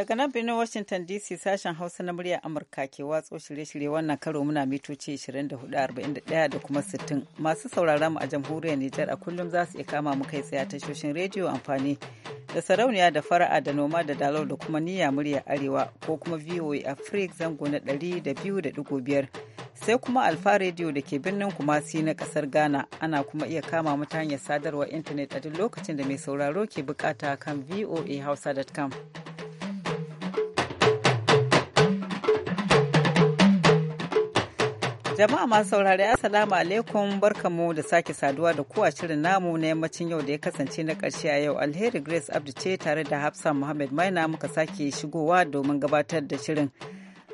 Daga nan birnin Washington DC sashen Hausa na murya Amurka ke watso shirye-shirye wannan karo muna mitoci 24,41 da kuma 60. Masu sauraron mu a jamhuriyar Nijar a kullum za su iya kama mu kai tsaye tashoshin rediyo amfani da sarauniya da fara'a da noma da dalau da kuma niyya murya arewa ko kuma VOA Africa zango na 200.5 sai kuma Alfa rediyo da ke birnin Kumasi na kasar Ghana ana kuma iya kama mu ta hanyar sadarwar intanet a duk lokacin da mai sauraro ke bukata kan voahausa.com. Jama'a masu saurari Assalamu alaikum barkamu da sake saduwa da kowa shirin namu na yammacin yau da ya kasance na ƙarshe a yau Alheri Grace Abdu ce tare da Hafsa Muhammad Maina muka sake shigowa domin gabatar da shirin.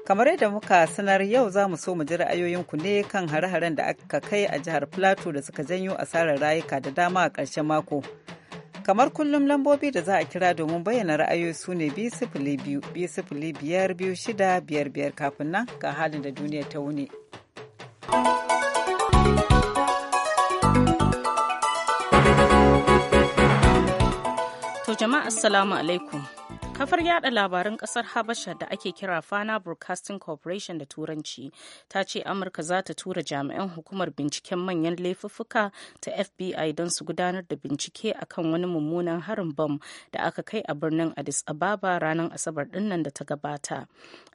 Kamar yadda muka sanar yau za mu so mu ji ra'ayoyinku ne kan hare-haren da aka kai a jihar Plateau da suka janyo asarar rayuka da dama a ƙarshen mako. kamar kullum lambobi da za a kira domin bayyana ra'ayoyi su ne biyu biyu sifili biyar biyu shida biyar biyar kafin nan ga halin da duniya ta wuni. To jama'a assalamu alaikum. Kafar yada labaran kasar Habasha da ake kira Fana Broadcasting Corporation da Turanci ta ce Amurka za ta tura jami'an hukumar binciken manyan laifuffuka ta FBI don su gudanar da bincike akan wani mummunan harin bom da aka kai a birnin Addis Ababa ranar Asabar dinnan da ta gabata.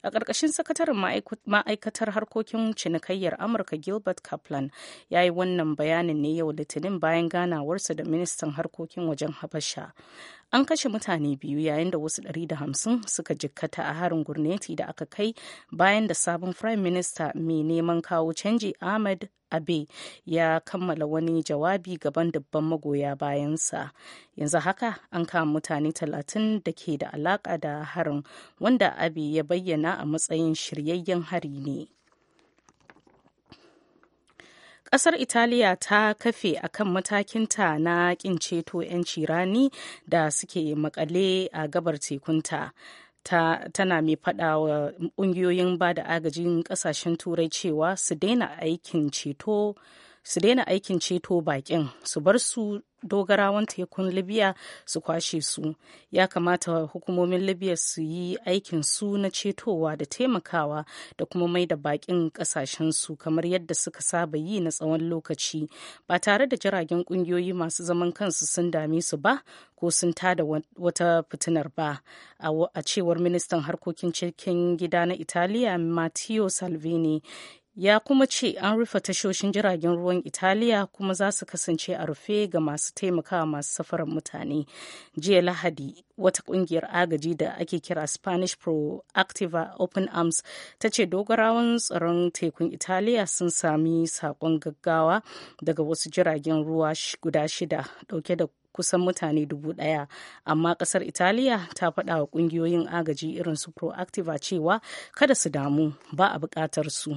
A ƙarƙashin sakataren ma'aikatar harkokin cinikayyar Amurka Gilbert Kaplan ya yi wannan bayanin ne yau Litinin bayan ganawarsa da ministan harkokin wajen Habasha. an kashe mutane biyu yayin da wasu ɗari da hamsin suka jikkata a harin gurneti da aka kai bayan da sabon prime minister mai neman kawo canji ahmed abe ya kammala wani jawabi gaban dubban magoya bayansa yanzu haka an kama mutane talatin da ke da alaka da harin wanda abe ya bayyana a matsayin shiryayyen hari ne. Ƙasar Italiya ta kafe akan matakinta na ƙin ceto 'yanci rani da suke makale a gabar tekunta. ta tana mai faɗa wa ƙungiyoyin ba da agajin ƙasashen turai cewa su daina aikin ceto su daina aikin ceto bakin su bar su dogarawan tekun libya su kwashe su ya kamata hukumomin libya su yi aikin su na cetowa da taimakawa da kuma mai da bakin kasashen su kamar yadda suka saba yi na tsawon lokaci ba tare da jiragen kungiyoyi masu zaman kansu sun dame su ba ko sun tada wata fitinar ba a cewar ministan harkokin cikin gida na italiya matteo salvini ya kuma ce an rufe tashoshin jiragen ruwan italiya kuma za su kasance a rufe ga masu taimakawa masu safarar mutane jiya lahadi wata kungiyar agaji da ake kira spanish proactiva open arms ta ce dogarawan tsaron tekun italiya sun sami sakon gaggawa daga wasu jiragen ruwa guda shida dauke da kusan mutane dubu daya amma kasar italiya ta faɗa wa ƙungiyoyin agaji irin su proactiva cewa kada su damu ba a buƙatar su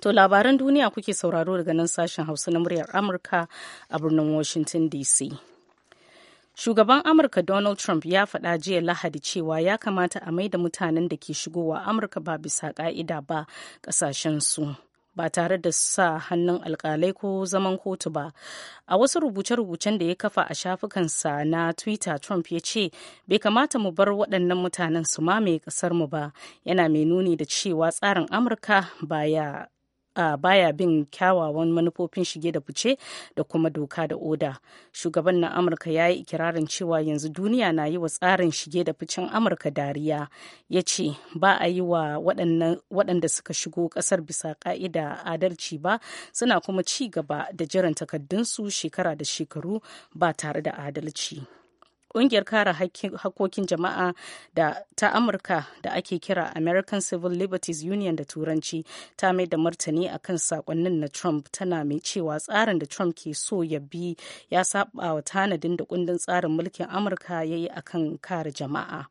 To labaran duniya kuke sauraro daga nan sashen Hausa na muryar Amurka a birnin Washington DC. Shugaban Amurka Donald Trump ya faɗa jiya Lahadi cewa ya kamata a maida mutanen da ke shigowa Amurka ba bisa ƙa'ida ba su ba tare da sa hannun alkalai ko zaman kotu ba a wasu rubuce-rubucen da ya kafa a shafukansa na twitter trump ya ce bai kamata mu bar waɗannan mutanen su mamaye ƙasar mu ba yana mai nuni da cewa tsarin amurka baya baya bin kyawawan manufofin shige da fice da kuma doka da oda shugaban na amurka ya yi ikirarin cewa yanzu duniya na yi wa tsarin shige da ficen amurka dariya ya ce ba a yi wa waɗanda suka shigo ƙasar bisa ƙa'ida adalci ba suna kuma ci gaba da jiran takardunsu shekara da shekaru ba tare da adalci. Ƙungiyar kare hakkokin jama'a da ta Amurka da ake kira American Civil Liberties Union da Turanci ta mai da martani a kan sakonnin na Trump tana mai cewa tsarin da Trump ke so ya bi ya saba wa tanadin da kundin tsarin mulkin Amurka ya yi akan kare jama'a.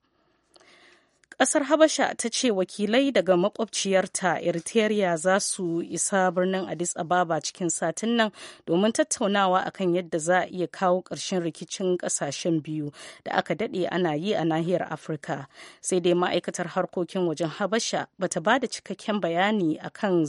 Ƙasar Habasha ta ce wakilai daga makwabciyarta Eritrea za su isa birnin Addis Ababa cikin satin nan domin tattaunawa akan yadda za a iya kawo ƙarshen rikicin ƙasashen biyu da aka daɗe ana yi a nahiyar Afirka. Sai dai ma'aikatar harkokin wajen Habasha bata ba da cikakken bayani akan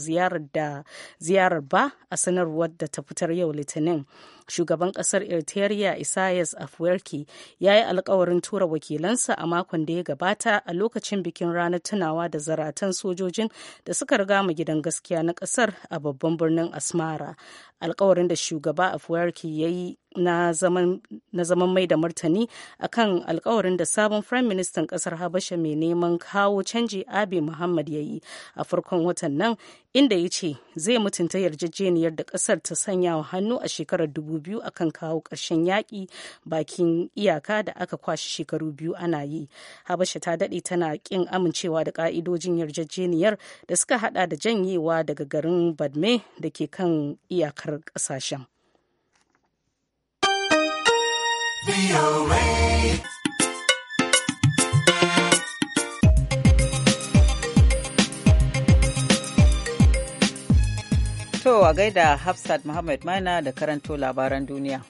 ziyarar ba a sanarwar da ta fitar yau Litinin. shugaban kasar Eritrea Isaias Afwerki ya yi alkawarin tura wakilansa a makon da ya gabata a lokacin bikin ranar tunawa da zaratan sojojin da suka riga mu gidan gaskiya na kasar a babban birnin Asmara. alkawarin da shugaba afuwarki ya yi na zaman mai da martani akan alkawarin da sabon prime ministan kasar habasha mai neman kawo canji abi muhammad ya yi a farkon watan nan inda ya ce zai mutunta yarjejeniyar da kasar ta sanya wa hannu a shekarar 2000 akan kawo ƙarshen yaƙi bakin iyaka da aka kwashe shekaru biyu ana yi habasha ta daɗe tana ƙin amincewa da ƙa'idojin yarjejeniyar da suka haɗa da janyewa daga garin badme da ke kan iyaka nahiyar ƙasashen. To a gaida Hafsat Muhammad Maina da karanto labaran duniya.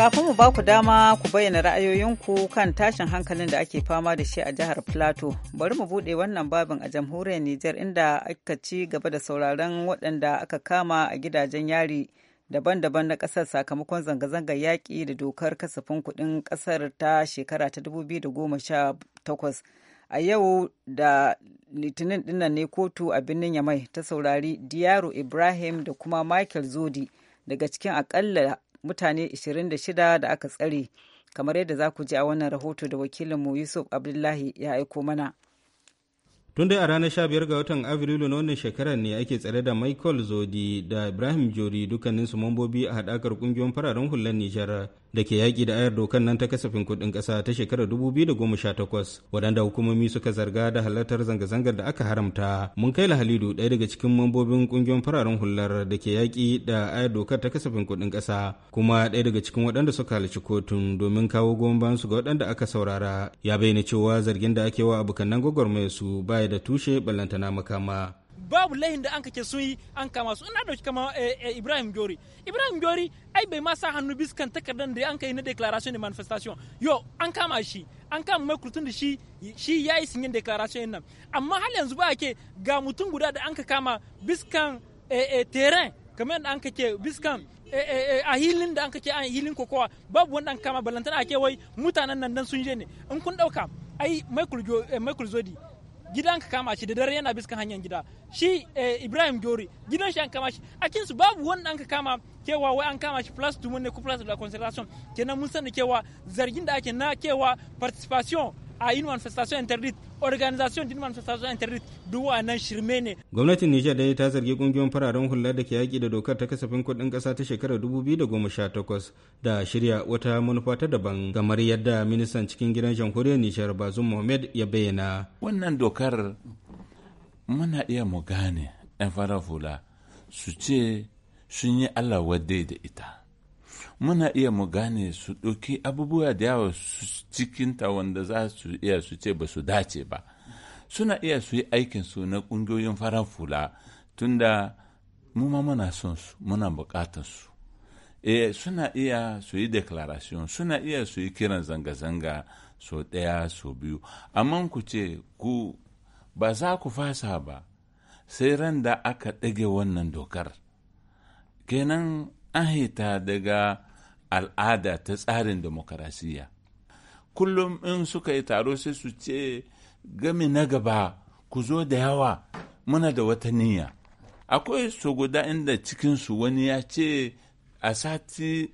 Kafin mu ba ku dama ku bayyana ra'ayoyinku kan tashin hankalin da ake fama da shi a jihar Plateau. Bari mu bude wannan babin a jamhuriyar Nijar inda aka ci gaba da sauraron waɗanda aka kama a gidajen yari daban-daban na ƙasar sakamakon zanga-zangar yaƙi da dokar kasafin kuɗin ƙasar ta shekara ta 2018. a yau da litinin dinnan ne kotu a birnin yamai ta saurari diyaro ibrahim da kuma michael zodi daga cikin akalla mutane 26 da aka tsare kamar yadda za ku ji a wannan rahoto da wakilinmu yusuf abdullahi ya aiko mana tun dai a ranar 15 ga watan afrilu na wannan shekarar ne ake tsare da michael zodi da ibrahim jori dukkaninsu mambobi a haɗakar ƙungiyoyin fararen hular nijar da ke yaƙi da ayar dokan nan ta kasafin kuɗin ƙasa ta shekarar dubu biyu da goma sha takwas waɗanda hukumomi suka zarga da halartar zanga-zangar da aka haramta mun kai lahalidu ɗaya daga cikin mambobin ƙungiyar fararen hular da ke yaƙi da ayar dokar ta kasafin kuɗin ƙasa kuma ɗaya daga cikin waɗanda suka halarci kotun domin kawo goyon bayan su ga waɗanda aka saurara ya bayyana cewa zargin da ake wa abokan nan gwagwarmaya su baya da tushe ballantana makama babu lahin da an kake sun yi an kama su ina dauki kama eh, eh, Ibrahim gori Ibrahim Gyori ai bai ma sa hannu biskan takardar da an kai na declaration de manifestation yo an kama shi an kama mai kurtun da shi shi yayi sinyin declaration nan amma har yanzu ba ke ga mutum guda da an kama biskan eh, terrain kamar yadda an kake biskan a hilin da an kake a hilin kokowa babu wanda an kama balantana ake wai mutanen nan dan sun je ne in kun dauka ai Michael Zodi gidan ka kama shi da dare yana biskan hanyar gida shi eh, ibrahim gori gidan shi an kama shi a kinsu babu wanda an ka kama kewa wai an kama shi plus tumun ne ko plus da consideration kenan mun sani kewa zargin da ake na kewa participation a yi manifestation interdit organisation din manifestation interdit duk wannan shirme ne gwamnatin Nijar dai ta zargi kungiyoyin fararen hula da ke yaki da dokar ta kasafin kuɗin ƙasa ta shekarar 2018 da shirya wata manufa ta daban kamar yadda ministan cikin gidan jamhuriyar Nijar Bazum Mohammed ya bayyana wannan dokar muna iya mu gane 'yan fara hula su ce sun yi Allah wadai da ita muna iya mu gane su ɗauki abubuwa da yawa cikinta wanda za su iya su ce ba su dace ba suna iya su yi aikinsu na ƙungiyoyin farar fula tunda mu ma muna son su muna buƙatar su e, suna iya su yi declaration suna iya su yi kiran zanga-zanga so ɗaya so biyu amma ku ce ku ba za ku fasa ba sai ran da aka ɗage wannan dokar kenan an hita daga al'ada ta tsarin demokarasiya kullum in suka yi taro sai su ce gami na gaba ku zo da yawa muna da wata niyya akwai su guda inda cikinsu wani ya ce a sati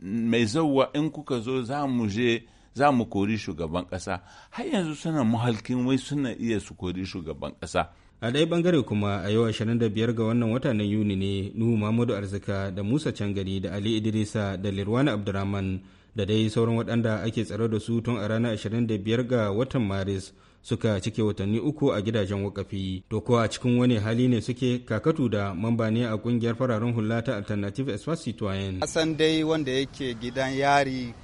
mai zauwa in kuka zo za mu je za mu kori shugaban ƙasa har yanzu suna muhalkin wai suna iya su kori shugaban ƙasa a ɗaya bangare kuma a yau 25 ga wannan wata na yuni ne nuhu mahmudu arzika da musa cangari da ali idrisa da lirwana abdurrahman da dai sauran waɗanda ake tsare da su tun a ranar 25 ga watan maris suka cike watanni uku a gidajen wakafi to kuwa a cikin wani hali ne suke kakatu da mamba ne a kungiyar fararen hula ta alternative espace citoyen san dai wanda yake gidan yari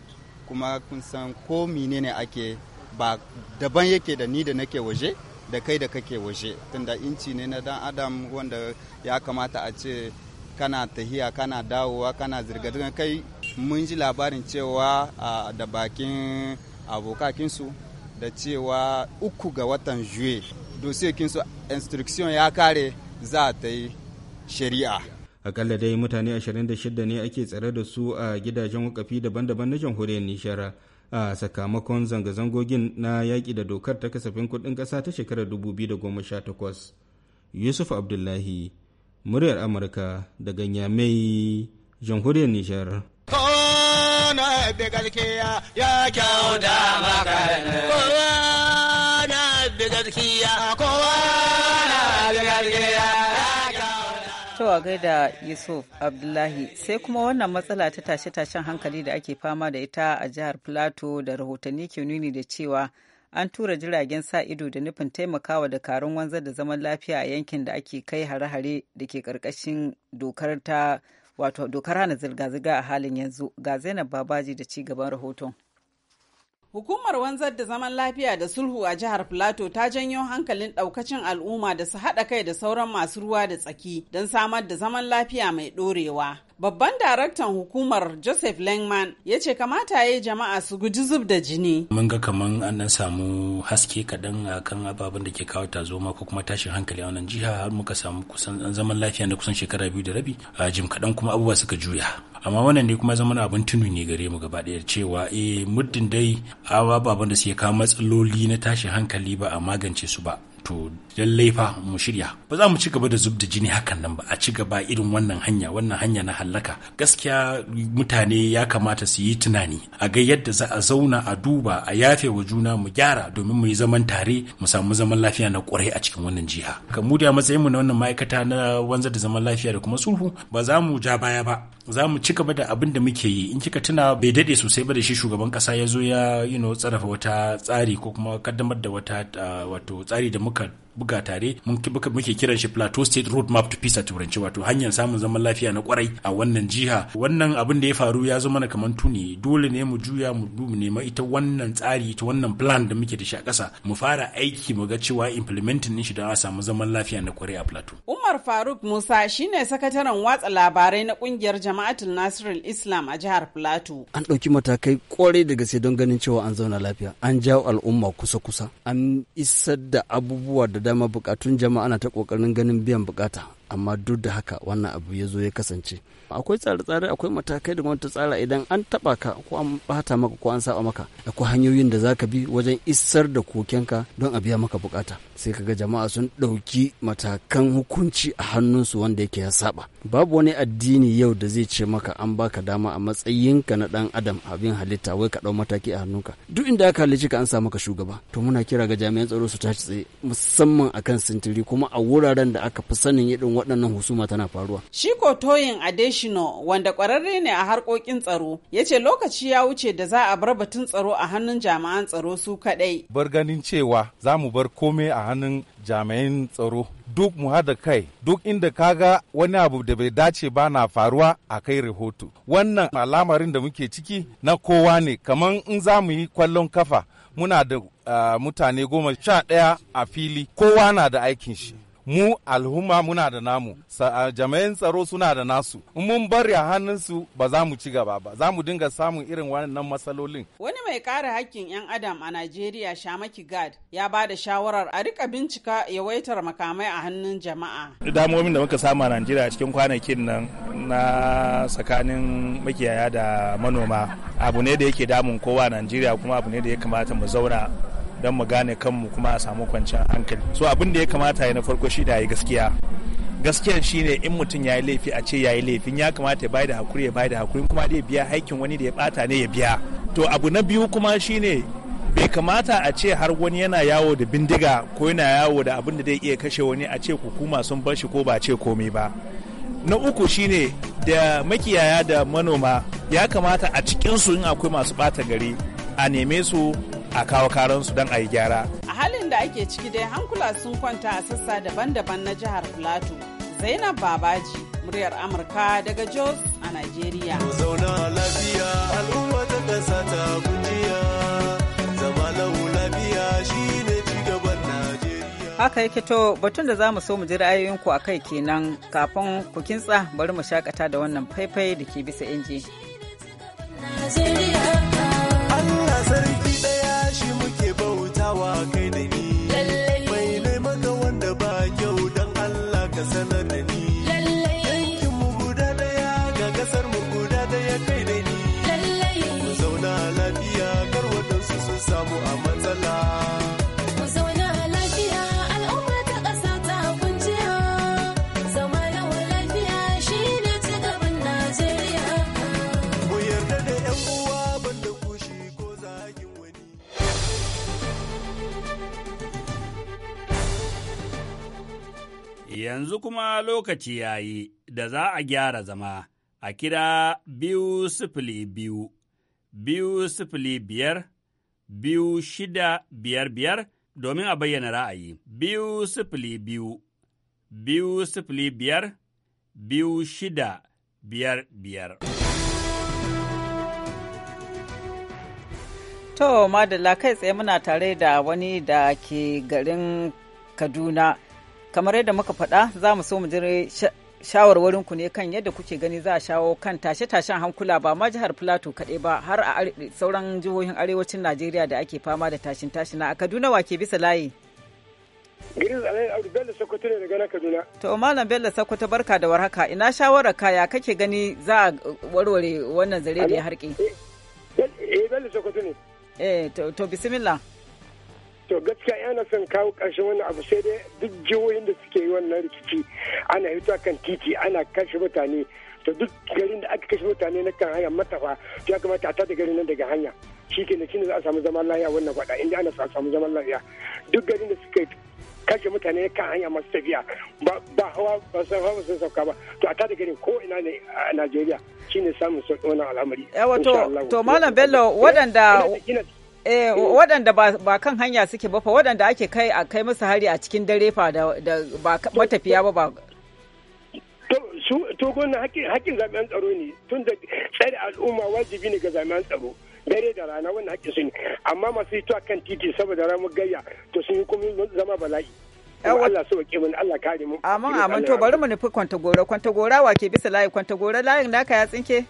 kuma kun san ko menene ake ba daban yake da ni da nake waje da kai da kake waje tunda inci ne na dan adam wanda ya kamata a ce kana tahiya kana dawowa kana zirga-zirga kai mun ji labarin cewa da bakin abokakinsu da cewa uku ga watan juye dosiyokinsu instruction ya kare za ta yi shari'a akalla dai mutane 26 ne ake tsare da su a gidajen wakafi daban-daban na jamhuriyar nishara a sakamakon zanga-zangogin na yaƙi da dokar ta kasafin kuɗin ƙasa ta shekarar 2018 yusuf abdullahi muryar amurka daga nyamai jamhuriyar nijar Kowa na bi gaskiya ya kowa na bi gaskiya kowa na bi gaskiya To a gaida Yusuf Abdullahi sai kuma wannan matsala ta tashe-tashen hankali da ake fama da ita a jihar Plateau da rahotanni ke nuni da cewa an tura jiragen sa ido da nufin taimakawa da dakarun wanzar da zaman lafiya a yankin da ake kai hare-hare da ke karkashin dokar ta wato dokar hana zirga-zirga a halin yanzu ga Zainab Babaji da ci gaban rahoton. Hukumar wanzar da zaman lafiya da sulhu a jihar Filato ta janyo hankalin daukacin al'umma da su haɗa kai da sauran masu ruwa da tsaki don samar da zaman lafiya mai ɗorewa. Babban daraktan hukumar Joseph Langman ya ce kamata ya yi jama'a su guji zub da jini. Mun ga kaman an nan samu haske kaɗan a kan ababen da ke kawo tazoma ko kuma tashin hankali a wannan jiha har muka samu kusan zaman lafiya na kusan shekara biyu da rabi a jim kaɗan kuma abubuwa suka juya. Amma wannan ne kuma zama abin tunu ne gare mu gaba ɗaya cewa eh muddin dai awa ababen da suke kawo matsaloli na tashin hankali ba a magance su ba. to lallai fa mu shirya ba za mu ci gaba da zub da jini hakan nan ba a ci gaba irin wannan hanya wannan hanya na hallaka gaskiya mutane ya kamata su yi tunani a ga yadda za a zauna a duba a yafe wa juna mu gyara domin mu yi zaman tare mu samu zaman lafiya na kwarai a cikin wannan jiha ka mu da matsayin mu na wannan ma'aikata na wanzar da zaman lafiya da kuma sulhu ba za mu ja baya ba za mu ci gaba da abin da muke yi in kika tuna bai dade sosai ba da shi shugaban kasa ya zo ya yi no tsarafa wata tsari ko kuma kaddamar da wata ah, wato tsari da muka buga tare muke kiran shi plateau state road map to peace a turanci wato hanyar samun zaman lafiya na kwarai a wannan jiha wannan abin da ya faru ya zama na kaman tuni dole ne mu juya mu nema ita wannan tsari ita wannan plan da muke da shi a ƙasa mu fara aiki mu ga cewa implementing din shi don a samu zaman lafiya na kwarai a plateau Umar Faruk Musa shine sakataren watsa labarai na kungiyar Jama'atul Nasirul Islam a jihar Plateau. An ɗauki matakai kwarai da gaske don ganin cewa an zauna lafiya. An jawo al'umma kusa-kusa. An isar da abubuwa da dama bukatun jama'a na ta ƙoƙarin ganin biyan bukata. amma duk da haka wannan abu ya zo ya kasance akwai tsare-tsare akwai matakai da gwamnati tsara idan an taba ka ko an bata maka ko an saba maka akwai hanyoyin da zaka bi wajen isar da kokenka don a biya maka bukata sai kaga jama'a sun ɗauki matakan hukunci a hannunsu wanda yake ya saba babu wani addini yau da zai ce maka an baka dama a matsayinka na dan adam abin halitta wai ka ɗau mataki a hannunka duk inda aka halici ka an sa maka shugaba to muna kira ga jami'an tsaro su tashi tsaye musamman akan sintiri kuma a wuraren da aka fi sanin irin waɗannan husuma tana faruwa. Shi ko Toyin Adeshino wanda ƙwararre ne a harkokin tsaro ya ce lokaci ya wuce da za a bar batun tsaro a hannun jami'an tsaro su kaɗai. Bar ganin cewa za mu bar komai a hannun jami'an tsaro duk mu hada kai duk inda kaga wani abu da bai dace ba na faruwa a kai rahoto wannan alamarin da muke ciki na kowa ne kamar in za mu yi kwallon kafa muna da ah, mutane goma sha ɗaya a fili kowa na da aikin shi mu al'umma muna da namu jami'an tsaro suna da nasu mun bari a hannunsu ba za mu ci gaba ba za mu dinga samun irin wannan matsalolin wani mai kare hakkin 'yan adam a najeriya shamaki gad ya ba da shawarar a rika bincika yawaitar makamai a hannun jama'a damomin da muka samu a najeriya cikin kwanakin nan na tsakanin makiyaya da manoma abu ne da yake damun kowa a najeriya kuma abu ne da ya kamata mu zauna don mu gane kanmu kuma a samu kwanciyar hankali so abin da ya kamata ya na farko shi da ya gaskiya gaskiyan shine in mutum ya yi laifi a ce ya yi laifin ya kamata ya bayar da hakuri ya bayar da hakuri kuma dai biya haikin wani da ya bata ne ya biya to abu na biyu kuma shine bai kamata a ce har wani yana yawo da bindiga ko yana yawo da abin da zai iya kashe wani a ce hukuma sun bar shi ko ba ce komai ba na uku shine da makiyaya da manoma ya kamata a cikinsu in akwai masu bata gari a neme su a kawo karansu don a yi gyara. A halin da ake ciki dai hankula sun kwanta a sassa daban-daban na jihar Filato. Zainab Babaji, muryar Amurka daga Jos a Najeriya. Zauna lafiya lafiya shi ne cigaban Najeriya. Haka yake to batun da za mu so mu ji ra'ayoyinku a kai kenan kafin ku kintsa bari mu shakata da wannan faifai da ke bisa inji. Najeriya. que kuma lokaci ya yi da za a gyara zama a kira biyu sifili biyu, biyu sifili biyar, biyu shida biyar biyar domin a bayyana ra'ayi. Biyu sifili biyu, biyu sifili biyar, biyu shida biyar biyar. To, madalla kai tsaye muna tare da wani da ke garin Kaduna kamar yadda muka faɗa za mu so mu jira shawarwarinku ne kan yadda kuke gani za a shawo kan tashe-tashen hankula ba ma jihar plateau kaɗai ba har a sauran jihohin arewacin najeriya da ake fama da tashin tashina a kaduna wa ke bisa layi Bello Sokoto ne Kaduna. To Malam Bello Sokoto barka da warhaka ina shawarar kaya kake gani za a warware wannan zare da ya harke. Eh Bello eh, ne. Eh to bismillah. to gaskiya yana son kawo ƙarshen wannan abu sai dai duk jihohin da suke yi wannan rikici ana hito kan titi ana kashe mutane to duk garin da aka kashe mutane na kan hanya matafa to ya kamata a tada garin nan daga hanya shi ke ne za a samu zaman lafiya wannan faɗa inda ana samu zaman lafiya duk garin da suka kashe mutane kan hanya masu tafiya ba hawa ba san hawa sun sauka ba to a tada garin ko ina ne a Najeriya shine samun sauƙi wannan al'amari. Yawa eh, to to Malam Bello waɗanda Eh, eh waɗanda ba kan hanya suke ba fa waɗanda ake kai a kai musu hari a cikin dare fa da ba matafiya ba ba to su to gonna hakkin hakkin jami'an tsaro ne tun da tsare al'umma wajibi ne ga jami'an tsaro dare da rana wannan hakkin su ne amma masu hito kan titi saboda ramu gayya to sun yi kuma zama bala'i Allah so ke mun Allah kare mu amin amin to bari mu nufi kwanta gora kwanta gora wa ke bisa layi kwanta gora layin naka ya tsinke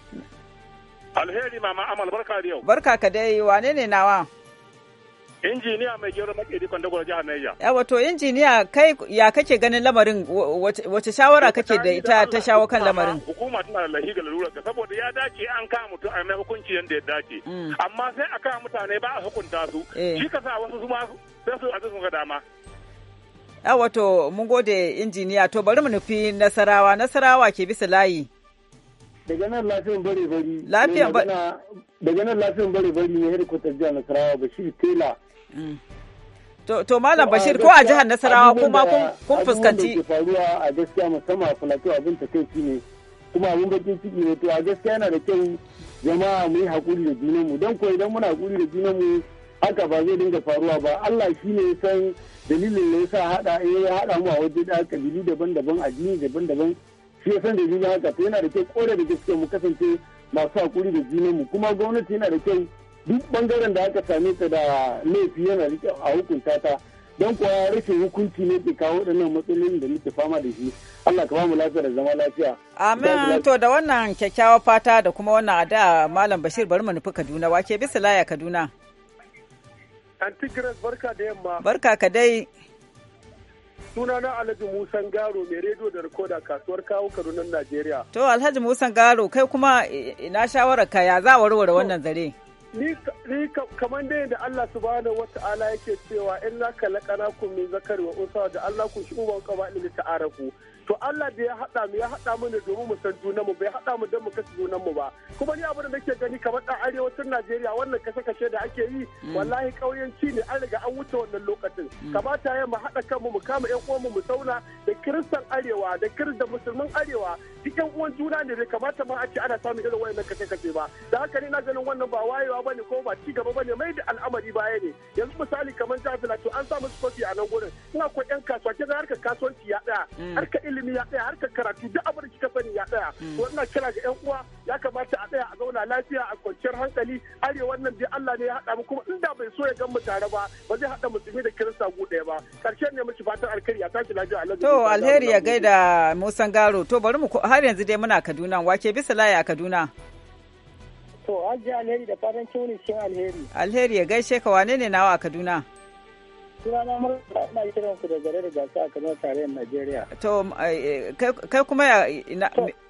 Alheri mama Amal barka da yau. Barka ka dai wane ne nawa? Injiniya mai gero makeri kwandagwar jihar Niger. Yawa to injiniya kai ya kake ganin lamarin wace shawara kake da ita ta shawo kan lamarin? Hukuma tana da lahi ga lalura ga saboda ya dace an kama mutum a mai hukunci yadda ya dace. Mm. Amma sai a kama mutane ba a hukunta su. Eh. Shi ka sa wasu su ma sai su azu ga dama. Yawa to mun gode injiniya to bari mu nufi nasarawa nasarawa ke bisa layi. daga nan lafiyan bare bari lafiyan daga nan lafiyan bare bari ne headquarter jihar nasarawa bashir tela mm. to to malam bashir ko a jihar nasarawa kuma kun fuskanci abin da ke faruwa a gaskiya musamman a plateau abin ta kai ne kuma abin bakin ciki ne to a gaskiya yana da kyau jama'a mu yi hakuri da junan mu don ko idan muna hakuri da junan mu haka ba zai dinga faruwa ba Allah shi ne san dalilin da yasa hada ya hada mu a waje da kabilu daban-daban addini daban-daban shi ya san da juna haka to yana da kyau kore da gaske mu kasance masu hakuri da junan mu kuma gwamnati yana da kyau duk bangaren da aka same ta da laifi yana da kyau a hukunta ta don kuwa rashin hukunci ne ke kawo waɗannan matsalolin da muke fama da shi Allah ka mu lafiya da zama lafiya amin to da wannan kyakkyawar fata da kuma wannan ada malam bashir bari mu nufi kaduna wake bisa laya kaduna antigras barka da yamma barka ka dai Sunana Alhaji Musan Garo mai rediyo da rikoda kasuwar kawo Kaduna Najeriya. To Alhaji Musan Garo kai kuma eh, eh, ina shawarar ka ya za warware wannan zare? ni kamar dai da Allah subhanahu ala yake cewa in za ka laƙana ku mai zakari wa da Allah ku shi uban kabali ta araku to Allah da ya haɗa mu ya haɗa mu ne domin mu san junanmu bai haɗa mu don mu kashe junanmu ba kuma ni abin da nake gani kamar ɗan arewacin Najeriya wannan kashe-kashe da ake yi mm. wallahi ƙauyenci ne an riga an wuce wannan lokacin mm. kamata ya mu haɗa kanmu mu kama ƴan uwanmu mu zauna da kiristan arewa da kiristan musulman arewa duk ƴan uwan juna ne bai kamata ma a ce ana samun irin wayannan kashe-kashe ba da haka ni na ganin wannan ba wayewa ne ko ba ci gaba ne mai da al'amari baya ne yanzu misali kamar jihar to an samu musu kofi a nan gurin in akwai yan kasuwa ke da harkar kasuwanci ya tsaya mm. harkar ilimi ya tsaya harkar karatu duk abin da kika sani ya tsaya mm. to ina kira ga yan uwa ya kamata a tsaya a zauna lafiya a kwanciyar hankali arewa nan dai Allah ne ya haɗa mu kuma inda bai so ya gan mu tare ba ba zai haɗa musulmi da kirista gu ɗaya ba karshen ne miki fatan alkhairi ya tashi lafiya Allah to alheri ya gaida Musan Garo to bari mu har yanzu dai muna Kaduna wake bisa laya a Kaduna To, Hajji Alheri da fatan kin wuni cikin alheri. Alheri ya gaishe ka wane ne nawa a Kaduna? Sunana Murtala ina kiran ku da gare da gasa a Kaduna tarayyar Najeriya. To, eh, kai kuma ya...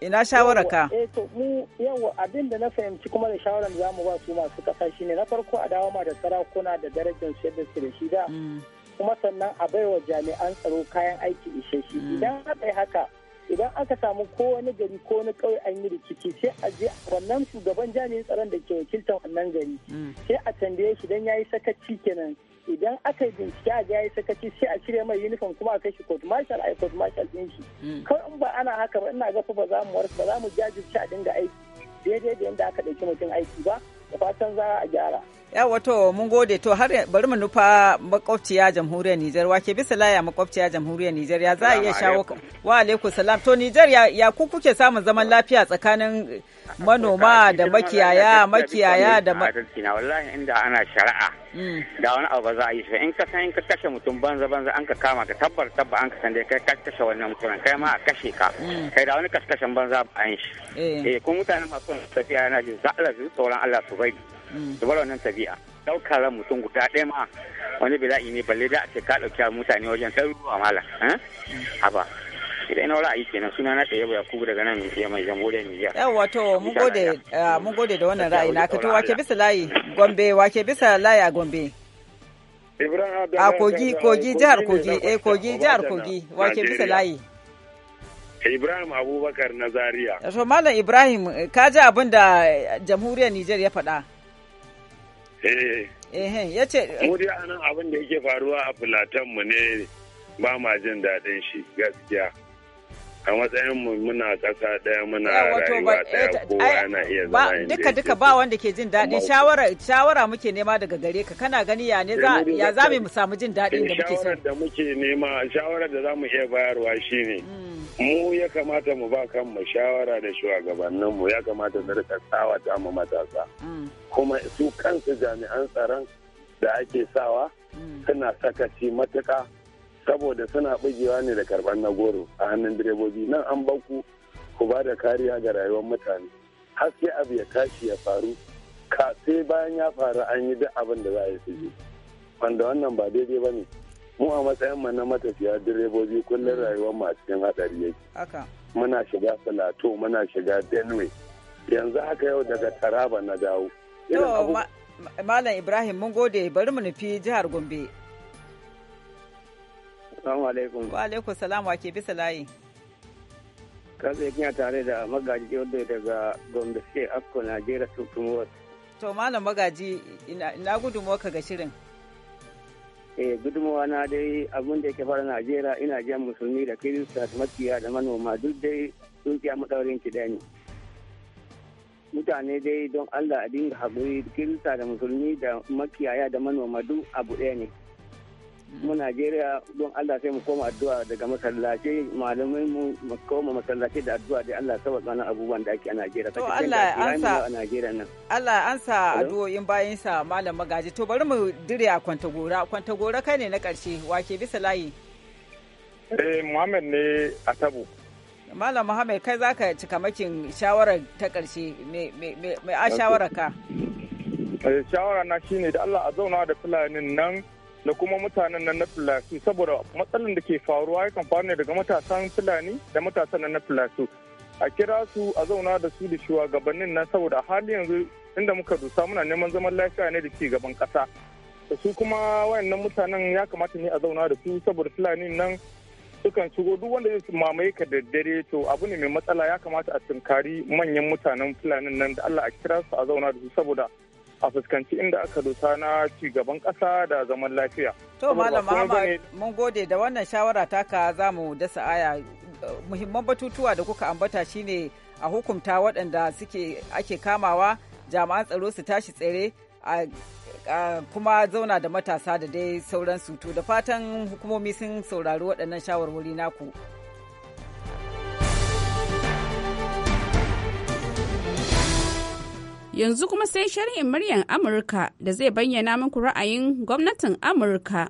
ina shawara ka? Eh to, mu yau abin da na fahimci kuma da shawarar da zamu ba su masu kasa ne na farko a dawo ma da sarakuna da darajar su yadda su da shi da. Mm. Kuma sannan a baiwa jami'an tsaro kayan aiki isheshi. Mm. Idan aka haka, idan aka samu ko wani gari ko wani kauye an yi rikici sai a je wannan shugaban jami'in tsaron da ke wakiltar wannan gari mm. sai a tambaye shi dan yayi sakaci kenan idan aka bincike a ga yayi sakaci sai a cire mai uniform kuma a kai shi court martial a court martial din shi mm. kai in ba ana haka ba ina ga ba za mu ba za mu jajirce a dinga aiki daidai da yadda aka ɗauki mutum aiki ba fatan za a gyara. Ya wato mun gode to har bari mu nufa makwabciya jamhuriyar Nijar wake bisa laya makwabciya jamhuriyar Nijar ya za a iya shawo wa alaikum salam to Nijar ya, ya ku kuke samun zaman lafiya tsakanin manoma da makiyaya makiyaya da ma wallahi inda ana shari'a mm. da wani abu za a yi shi in ka san in ka kashe mutum banza banza an ka kama ka tabbar tabba an ka san dai kai ka kashe wannan mutumin kai ma a kashe ka mm. kai da wani kashe kashen banza ba yi shi eh. eh kun mutane masu tafiya yana ji za Allah su tsoron Allah su bai su bar wannan tabi'a ɗaukar ran mutum guda ɗaya ma wani bala'i ne balle da a ce ka ɗauki mutane wajen ɗaruruwa mala eh? haba idan na ra'ayi kenan suna na tsaye ba ku daga nan ne mai jamhuriyar Nijar. Yan wato mun gode eh, mun gode da wannan ra'ayi naka to wake bisa layi Gombe wake bisa layi a Gombe. A kogi kogi jihar kogi eh kogi jihar kogi wake bisa layi. Ibrahim Abubakar na Zaria. To Malam Ibrahim, ka ji abin da jamhuriyar Nijar ya faɗa? Eh. Eh, ya ce. anan abin da yake faruwa a Filatanmu ne ba ma jin daɗin shi gaskiya. a matsayin mu muna ƙasa ɗaya muna ah, rayuwa ɗaya eh, kowa yana iya zama inda duka duka ba wanda ke jin daɗi shawara shawara muke nema daga gare ka kana gani ya ne ya za mu samu jin daɗin da muke so shawara da muke nema shawara da zamu iya bayarwa shine hmm. mu ya kamata mu ba kanmu shawara da shugabannin mu ya kamata mu rika ta mu matasa hmm. kuma su kansu jami'an tsaron da ake sawa hmm. suna sakaci matuƙa saboda suna bugewa ne da karban na goro a hannun direbobi nan an baku ku ba da kariya ga rayuwar mutane haske abu ya tashi ya faru ka sai bayan ya faru an yi duk abin da za a yi su yi wanda wannan ba daidai ba ne mu a matsayin mu na matafiya direbobi kullum rayuwar mu a cikin hadari yake muna shiga filato muna shiga benue yanzu haka yau daga taraba na dawo malam ibrahim mun gode bari mu nufi jihar gombe Salamu alaikum. Wa alaikum salam wa ke bisa layi. Kaza kina tare da magaji wanda daga Gombe State Akko Najeriya Tukumu To malam magaji ina gudunmuwa ka ga shirin. Eh gudunmuwa na dai abin da yake fara Najeriya ina jan musulmi da Kirista da makiya da manoma duk dai sun fiya madaurin ki dani. Mutane dai don Allah a dinga haƙuri Kirista da musulmi da makiyaya da manoma duk abu ɗaya ne. mu Najeriya don Allah sai mu koma addu'a daga masallaci malamai mu mu koma masallaci da addu'a da Allah saboda wannan abubuwan da ake a Najeriya to Allah an sa a Najeriya nan Allah an sa addu'o'in bayan sa malam magaji to bari mu dire a Kwantagora gora kai ne na karshe wake bisa layi eh Muhammad ne a tabo Malam Muhammad kai zaka cika makin shawarar ta karshe me me me a shawara ka eh, shawara na shine da Allah a zauna da fulanin nan da kuma mutanen nan na filasu saboda matsalar da ke faruwa yakan faru ne daga matasan fulani da matasan nan na filasu a kira su a zauna da su da shugabannin nan saboda hali yanzu inda muka dusa muna neman zaman lafiya ne da ci gaban kasa da su kuma wayannan mutanen ya kamata ne a zauna da su saboda fulani nan sukan shigo duk wanda zai mamaye ka da dare to abu ne mai matsala ya kamata a tunkari manyan mutanen fulanin nan da Allah a kira su a zauna da su saboda a fuskanci inda aka dosa na cigaban kasa da zaman lafiya. To Malam Ahmad mun gode da wannan shawara taka za mu dasa aya muhimman batutuwa da kuka ambata shine a hukumta waɗanda suke ake kamawa jami'an tsaro su tashi tsere a kuma zauna da matasa da dai sauransu to da fatan hukumomi sun saurari waɗannan shawarwari naku Yanzu kuma sai sharhin muryan Amurka da zai bayyana muku ra'ayin gwamnatin Amurka.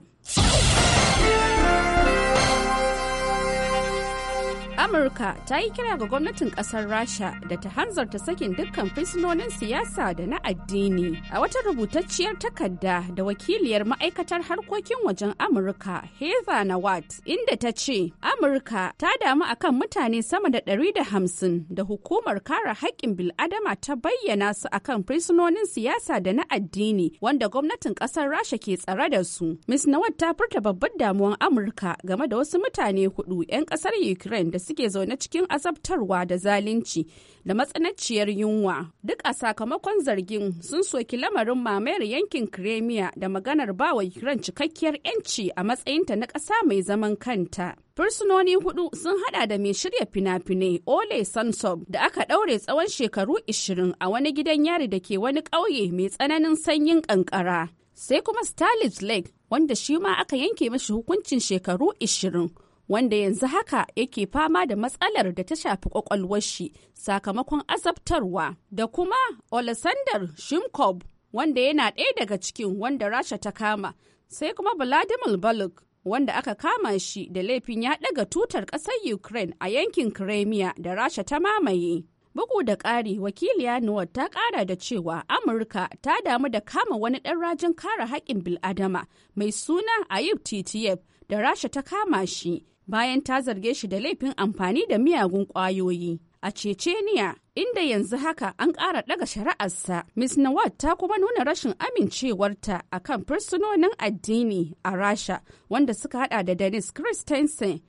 amurka ta yi kira ga gwamnatin kasar rasha da ta hanzarta sakin dukkan fursunonin siyasa da na addini a wata rubutacciyar takarda da wakiliyar ma'aikatar harkokin wajen amurka heather nawat inda ta ce amurka ta damu akan mutane sama da ɗari da hamsin, da hukumar kare haƙƙin bil'adama ta bayyana su akan fursunonin siyasa da na addini wanda gwamnatin kasar rasha ke tsare da su miss nawat ta furta babbar damuwan amurka game da wasu mutane hudu 'yan kasar ukraine da suke suke zaune cikin azabtarwa da zalunci da matsananciyar yunwa duk a sakamakon zargin sun soki lamarin mamayar yankin kremia da maganar bawa Ukraine cikakkiyar 'yanci a matsayinta na ƙasa mai zaman kanta. Fursunoni hudu sun hada da mai shirya fina-finai Ole Sansob da aka daure tsawon shekaru 20 a wani gidan yari da ke wani ƙauye mai tsananin sanyin kankara. Sai kuma Stalin Lake wanda shi ma aka yanke mashi hukuncin shekaru 20 wanda yanzu haka yake fama da matsalar da ta shafi kwakwalwar shi sakamakon azabtarwa da kuma Olesander Shimkov wanda yana ɗaya daga cikin wanda Rasha ta kama sai kuma Vladimir Baluk wanda aka kama shi da laifin ya ɗaga tutar ƙasar Ukraine a yankin Crimea da Rasha ta mamaye. Bugu da ƙari, wakiliya Nuwar ta ƙara da cewa Amurka ta damu da kama wani ɗan rajin kare haƙƙin bil'adama mai suna Ayub TTF da Rasha ta kama shi bayan ta zarge shi da laifin amfani da miyagun ƙwayoyi. a Ceceniya, inda yanzu haka an ƙara ɗaga shari'arsa. Ms. Nawad ta kuma nuna rashin amincewarta a kan fursunonin addini a Rasha wanda suka hada da Dennis Christensen,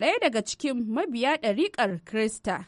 ɗaya daga cikin mabiya ɗariƙar Krista.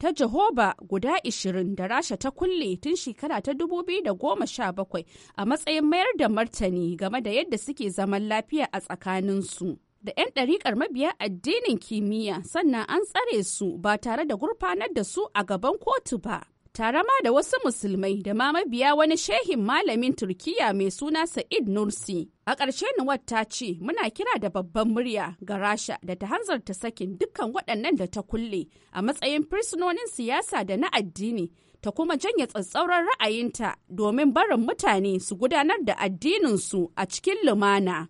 Ta Jehova guda ashirin da Rasha ta kulle tun shekara ta 2017 a matsayin mayar da martani game da yadda suke zaman lafiya a tsakaninsu. da 'yan ɗariƙar mabiya addinin kimiyya sannan an tsare su ba tare da gurfanar da su a gaban kotu ba. Tare ma da wasu musulmai da ma mabiya wani shehin malamin Turkiyya mai suna Sa'id Nursi. A ƙarshe Nuwat ta ce muna kira da babban murya ga Rasha da ta hanzarta sakin dukkan waɗannan da ta kulle a matsayin fursunonin siyasa da na addini ta kuma janye tsatsauran ra'ayinta domin barin mutane su gudanar da addininsu a cikin lumana.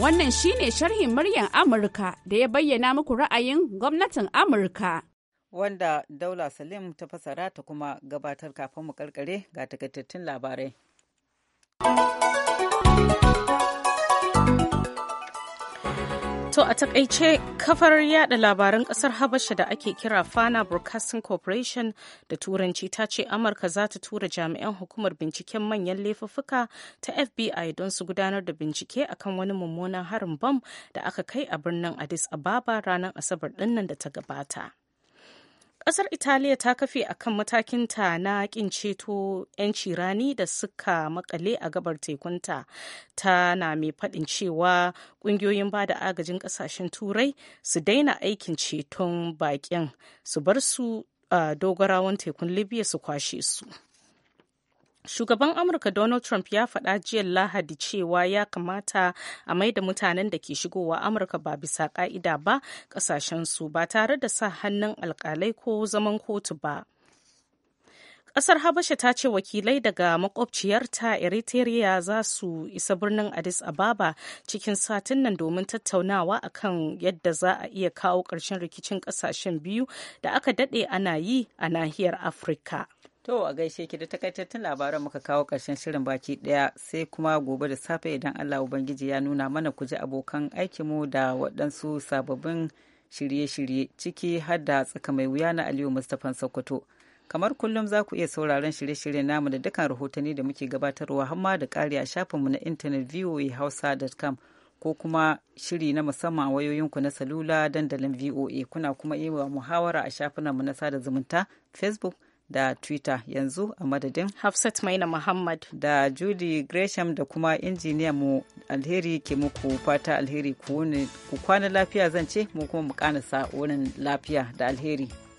Wannan shine sharhin muryar Amurka da ya bayyana muku ra'ayin gwamnatin Amurka. Wanda Daula Salim ta fasara ta kuma gabatar kafin mu karkare ga takaitattun labarai. So a takaice kafar yada labaran kasar Habasha da ake kira Fana Broadcasting Corporation da Turanci ta ce Amurka za ta tura jami'an hukumar binciken manyan laifuffuka ta FBI don su gudanar da bincike akan wani mummunan harin bom da aka kai a birnin Addis Ababa ranar Asabar dinnan da ta gabata. Ƙasar Italiya ta kafe a kan matakinta na ƙin ceto 'yanci rani da suka makale a gabar tekunta. Tana mai faɗin cewa ƙungiyoyin ba da agajin ƙasashen Turai su daina aikin ceton baƙin su bar su a dogarawan tekun Libya su kwashe su. Shugaban Amurka Donald Trump ya faɗa jiya Lahadi cewa ya kamata a maida mutanen da ke shigowa Amurka ba bisa ƙa'ida ba ƙasashensu ba tare da sa hannun alƙalai ko zaman kotu ba. Ƙasar Habasha ta ce wakilai daga makwabciyarta Eritrea za su isa birnin Addis Ababa cikin satin nan domin tattaunawa akan yadda za a iya kawo ƙarshen rikicin ƙasashen biyu da aka daɗe ana yi a nahiyar Afirka. To a gaishe ki da takaitattun labaran muka kawo ƙarshen shirin baki ɗaya sai kuma gobe da safe idan Allah Ubangiji ya nuna mana ku ji abokan aikinmu da waɗansu sababbin shirye-shirye ciki har da tsaka mai wuya na Aliyu Mustapha Sokoto. Kamar kullum za ku iya sauraron shirye shirye namu da dukkan rahotanni da muke gabatarwa hamma da ƙari a shafinmu na intanet voahausa.com ko kuma shiri na musamman a wayoyinku na salula dandalin VOA kuna kuma iya muhawara a shafinanmu na sada zumunta Facebook. da Twitter yanzu a madadin Hafsat Maina Muhammad da Judy Gresham da kuma injiniya mu alheri ke muku fata alheri ku kwana lafiya zan ce mu kuma mu kanasa lafiya da alheri.